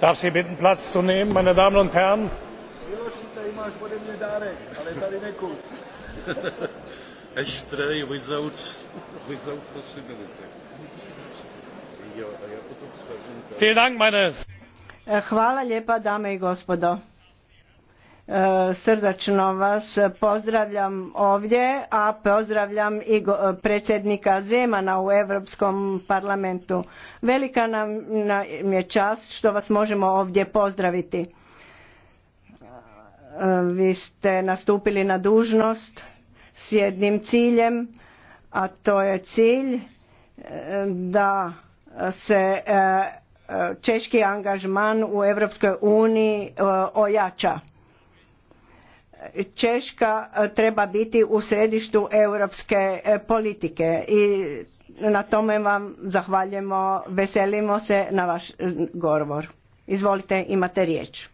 darf sie bitten platz zu nehmen meine damen und herren! hvala lijepa dame i gospodo. E, srdačno vas pozdravljam ovdje, a pozdravljam i e, predsjednika Zemana u Europskom parlamentu. Velika nam je čast što vas možemo ovdje pozdraviti. E, vi ste nastupili na dužnost s jednim ciljem, a to je cilj da se češki angažman u Europskoj uniji ojača Češka e, treba biti u središtu europske e, politike i na tome vam zahvaljujemo, veselimo se na vaš e, govor. Izvolite, imate riječ.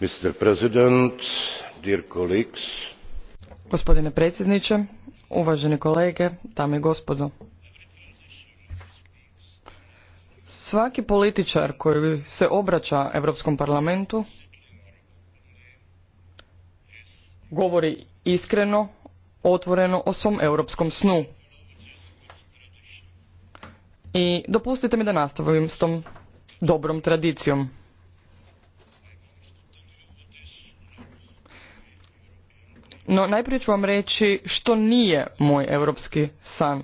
Mr. Gospodine predsjedniče, uvaženi kolege, dame i gospodo. Svaki političar koji se obraća Europskom parlamentu govori iskreno, otvoreno o svom europskom snu. I dopustite mi da nastavim s tom dobrom tradicijom. No najprije ću vam reći što nije moj europski san.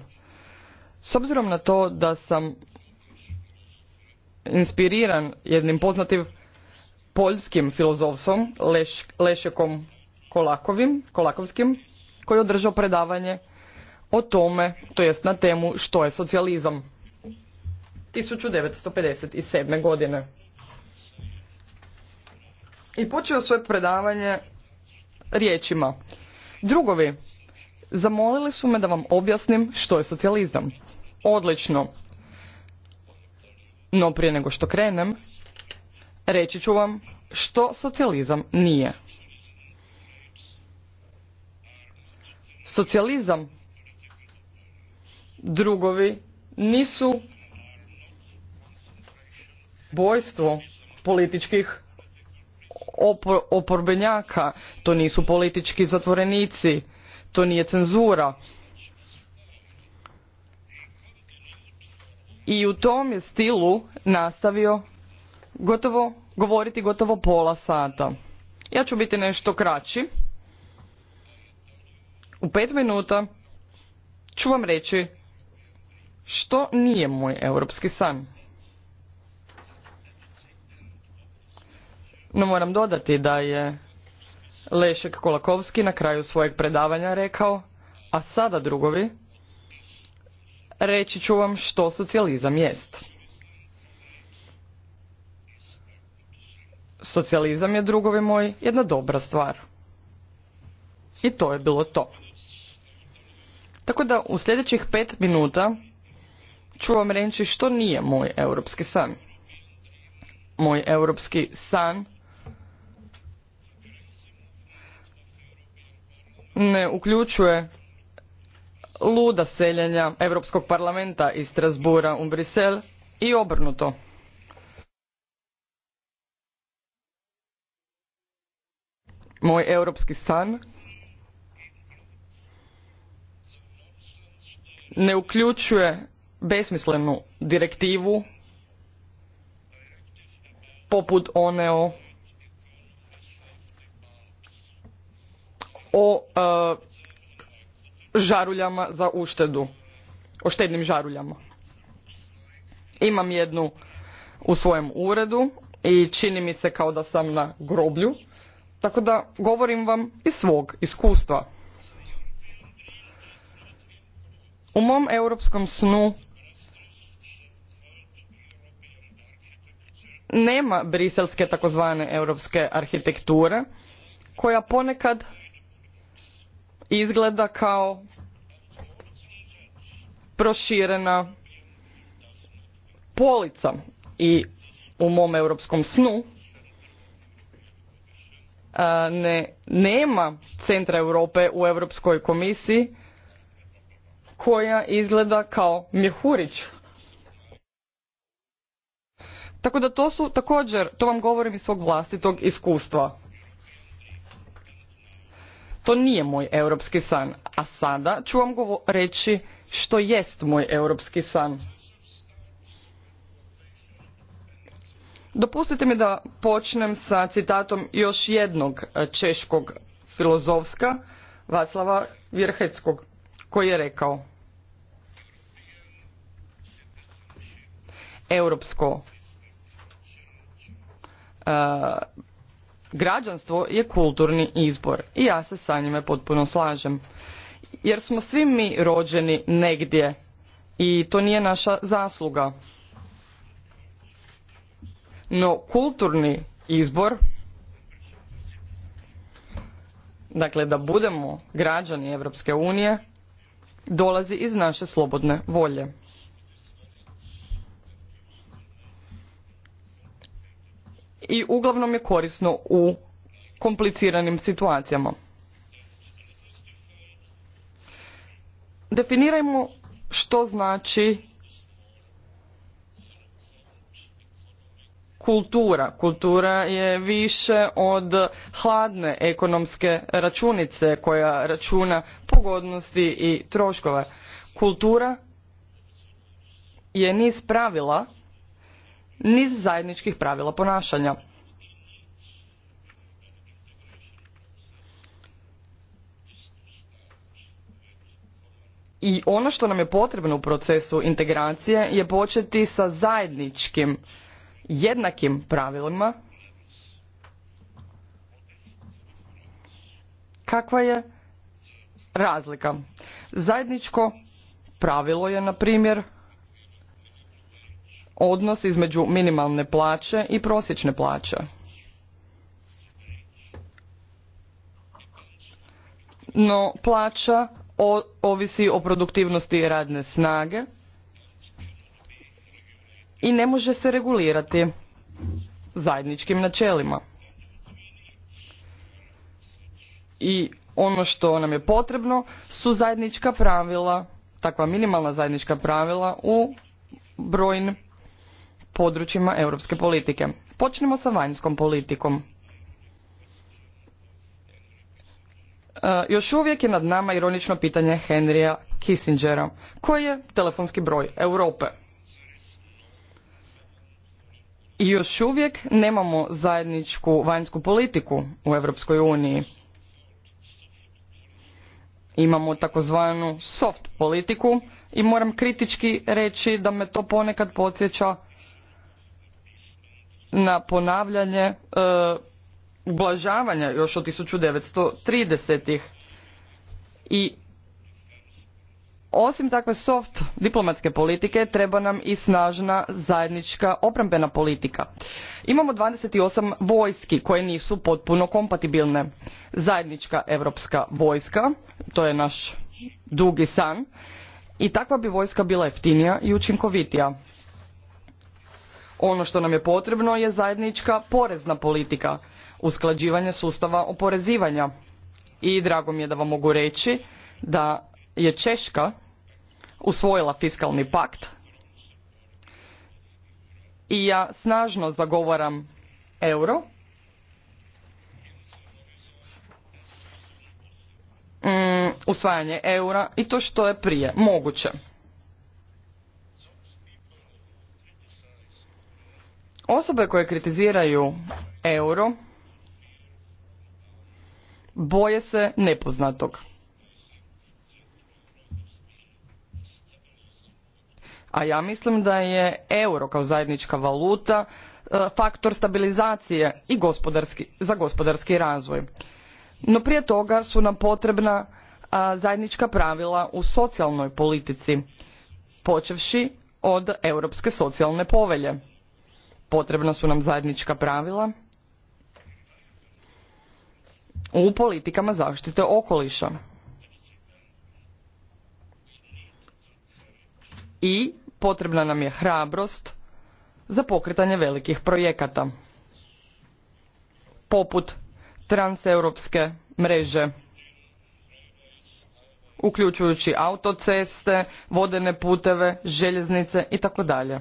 S obzirom na to da sam inspiriran jednim poznatim poljskim filozofsom Lešekom Kolakovim, Kolakovskim, koji je održao predavanje o tome, to jest na temu što je socijalizam 1957. godine. I počeo svoje predavanje riječima. Drugovi, zamolili su me da vam objasnim što je socijalizam. Odlično. No prije nego što krenem, reći ću vam što socijalizam nije. Socijalizam drugovi nisu bojstvo političkih oporbenjaka, to nisu politički zatvorenici, to nije cenzura. I u tom je stilu nastavio gotovo, govoriti gotovo pola sata. Ja ću biti nešto kraći. U pet minuta ću vam reći što nije moj europski san. No moram dodati da je Lešek Kolakovski na kraju svojeg predavanja rekao, a sada drugovi, reći ću vam što socijalizam jest. Socijalizam je, drugovi moj, jedna dobra stvar. I to je bilo to. Tako da u sljedećih pet minuta ću vam reći što nije moj europski san. Moj europski san ne uključuje luda seljenja Europskog parlamenta iz Strasbura u Brisel i obrnuto. Moj europski san ne uključuje besmislenu direktivu poput one o o e, žaruljama za uštedu, o štednim žaruljama. Imam jednu u svojem uredu i čini mi se kao da sam na groblju, tako da govorim vam iz svog iskustva. U mom europskom snu nema briselske takozvane europske arhitekture koja ponekad izgleda kao proširena polica i u mom europskom snu ne, nema centra Europe u Europskoj komisiji koja izgleda kao mjehurić. Tako da to su također, to vam govorim iz svog vlastitog iskustva. To nije moj europski san, a sada ću vam reći što jest moj europski san. Dopustite mi da počnem sa citatom još jednog e, češkog filozofska Vaslava Vjerheckog, koji je rekao Europsko e, Građanstvo je kulturni izbor i ja se sa njime potpuno slažem. Jer smo svi mi rođeni negdje i to nije naša zasluga. No kulturni izbor, dakle da budemo građani Europske unije, dolazi iz naše slobodne volje. i uglavnom je korisno u kompliciranim situacijama. Definirajmo što znači kultura. Kultura je više od hladne ekonomske računice koja računa pogodnosti i troškove. Kultura je niz pravila niz zajedničkih pravila ponašanja. I ono što nam je potrebno u procesu integracije je početi sa zajedničkim, jednakim pravilima kakva je razlika. Zajedničko pravilo je, na primjer, odnos između minimalne plaće i prosječne plaće. No plaća ovisi o produktivnosti radne snage i ne može se regulirati zajedničkim načelima. I ono što nam je potrebno su zajednička pravila, takva minimalna zajednička pravila u brojnim područjima europske politike. Počnemo sa vanjskom politikom. E, još uvijek je nad nama ironično pitanje Henrija Kissingera. Koji je telefonski broj Europe? I još uvijek nemamo zajedničku vanjsku politiku u Europskoj uniji. Imamo takozvanu soft politiku i moram kritički reći da me to ponekad podsjeća na ponavljanje e, ublažavanja još od 1930-ih. I osim takve soft diplomatske politike treba nam i snažna zajednička obrambena politika. Imamo 28 vojski koje nisu potpuno kompatibilne. Zajednička europska vojska, to je naš dugi san, i takva bi vojska bila jeftinija i učinkovitija. Ono što nam je potrebno je zajednička porezna politika, usklađivanje sustava oporezivanja. I drago mi je da vam mogu reći da je Češka usvojila fiskalni pakt i ja snažno zagovaram euro. Mm, usvajanje eura i to što je prije moguće. Osobe koje kritiziraju euro boje se nepoznatog. A ja mislim da je euro kao zajednička valuta e, faktor stabilizacije i gospodarski, za gospodarski razvoj. No prije toga su nam potrebna e, zajednička pravila u socijalnoj politici, počevši od Europske socijalne povelje potrebna su nam zajednička pravila u politikama zaštite okoliša. I potrebna nam je hrabrost za pokretanje velikih projekata poput transeuropske mreže uključujući autoceste, vodene puteve, željeznice i tako dalje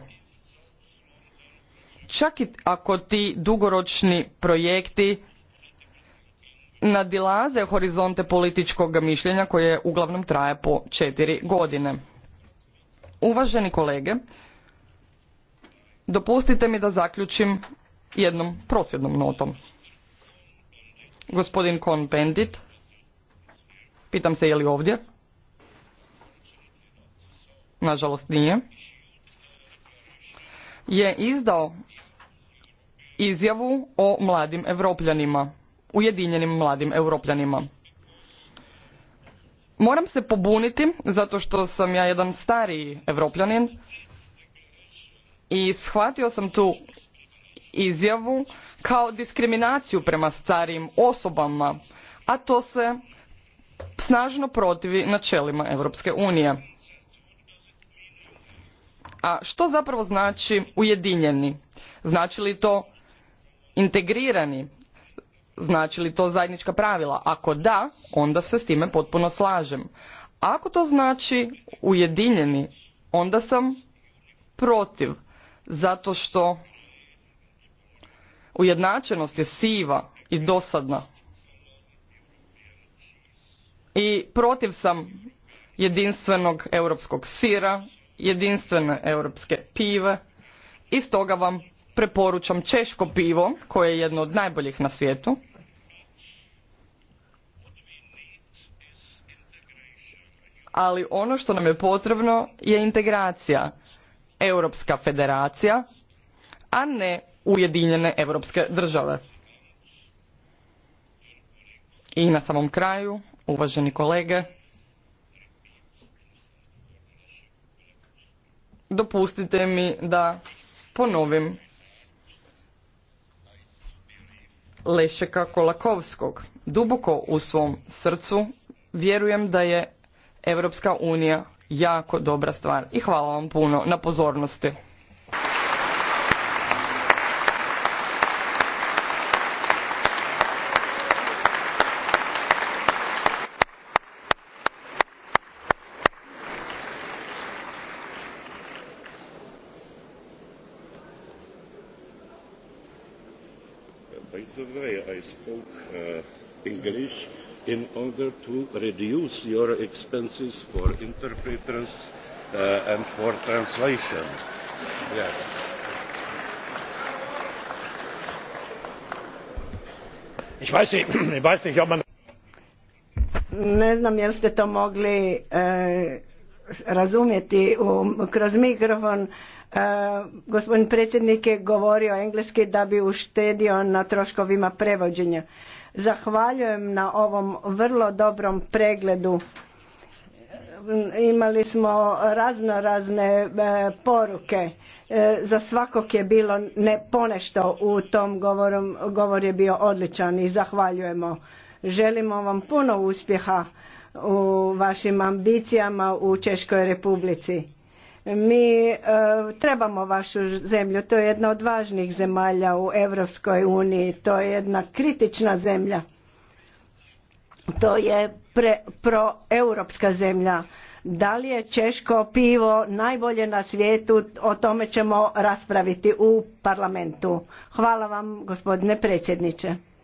čak i ako ti dugoročni projekti nadilaze horizonte političkog mišljenja koje uglavnom traje po četiri godine. Uvaženi kolege, dopustite mi da zaključim jednom prosvjednom notom. Gospodin Kon Pendit, pitam se je li ovdje? Nažalost nije je izdao izjavu o mladim europljanima, ujedinjenim mladim europljanima. Moram se pobuniti zato što sam ja jedan stariji europljanin i shvatio sam tu izjavu kao diskriminaciju prema starijim osobama, a to se snažno protivi načelima Europske unije. A što zapravo znači ujedinjeni? Znači li to integrirani? Znači li to zajednička pravila? Ako da, onda se s time potpuno slažem. Ako to znači ujedinjeni, onda sam protiv. Zato što ujednačenost je siva i dosadna. I protiv sam jedinstvenog europskog sira jedinstvene europske pive i stoga vam preporučam češko pivo koje je jedno od najboljih na svijetu. Ali ono što nam je potrebno je integracija, europska federacija, a ne ujedinjene europske države. I na samom kraju, uvaženi kolege, dopustite mi da ponovim Lešeka Kolakovskog. Duboko u svom srcu vjerujem da je Europska unija jako dobra stvar i hvala vam puno na pozornosti. By the way, I spoke uh, English in order to reduce your expenses for interpreters uh, and for translation. Yes. Ich weiß nicht, ich weiß nicht, ob man... Ne znam jel to mogli eh, razumjeti kroz mikrofon. E, gospodin predsjednik je govorio engleski da bi uštedio na troškovima prevođenja. Zahvaljujem na ovom vrlo dobrom pregledu. Imali smo razno razne e, poruke. E, za svakog je bilo ne ponešto u tom govoru. Govor je bio odličan i zahvaljujemo. Želimo vam puno uspjeha u vašim ambicijama u Češkoj republici. Mi e, trebamo vašu zemlju, to je jedna od važnijih zemalja u Europskoj uniji, to je jedna kritična zemlja. To je pre, proeuropska zemlja. Da li je češko pivo najbolje na svijetu, o tome ćemo raspraviti u parlamentu. Hvala vam gospodine predsjedniče.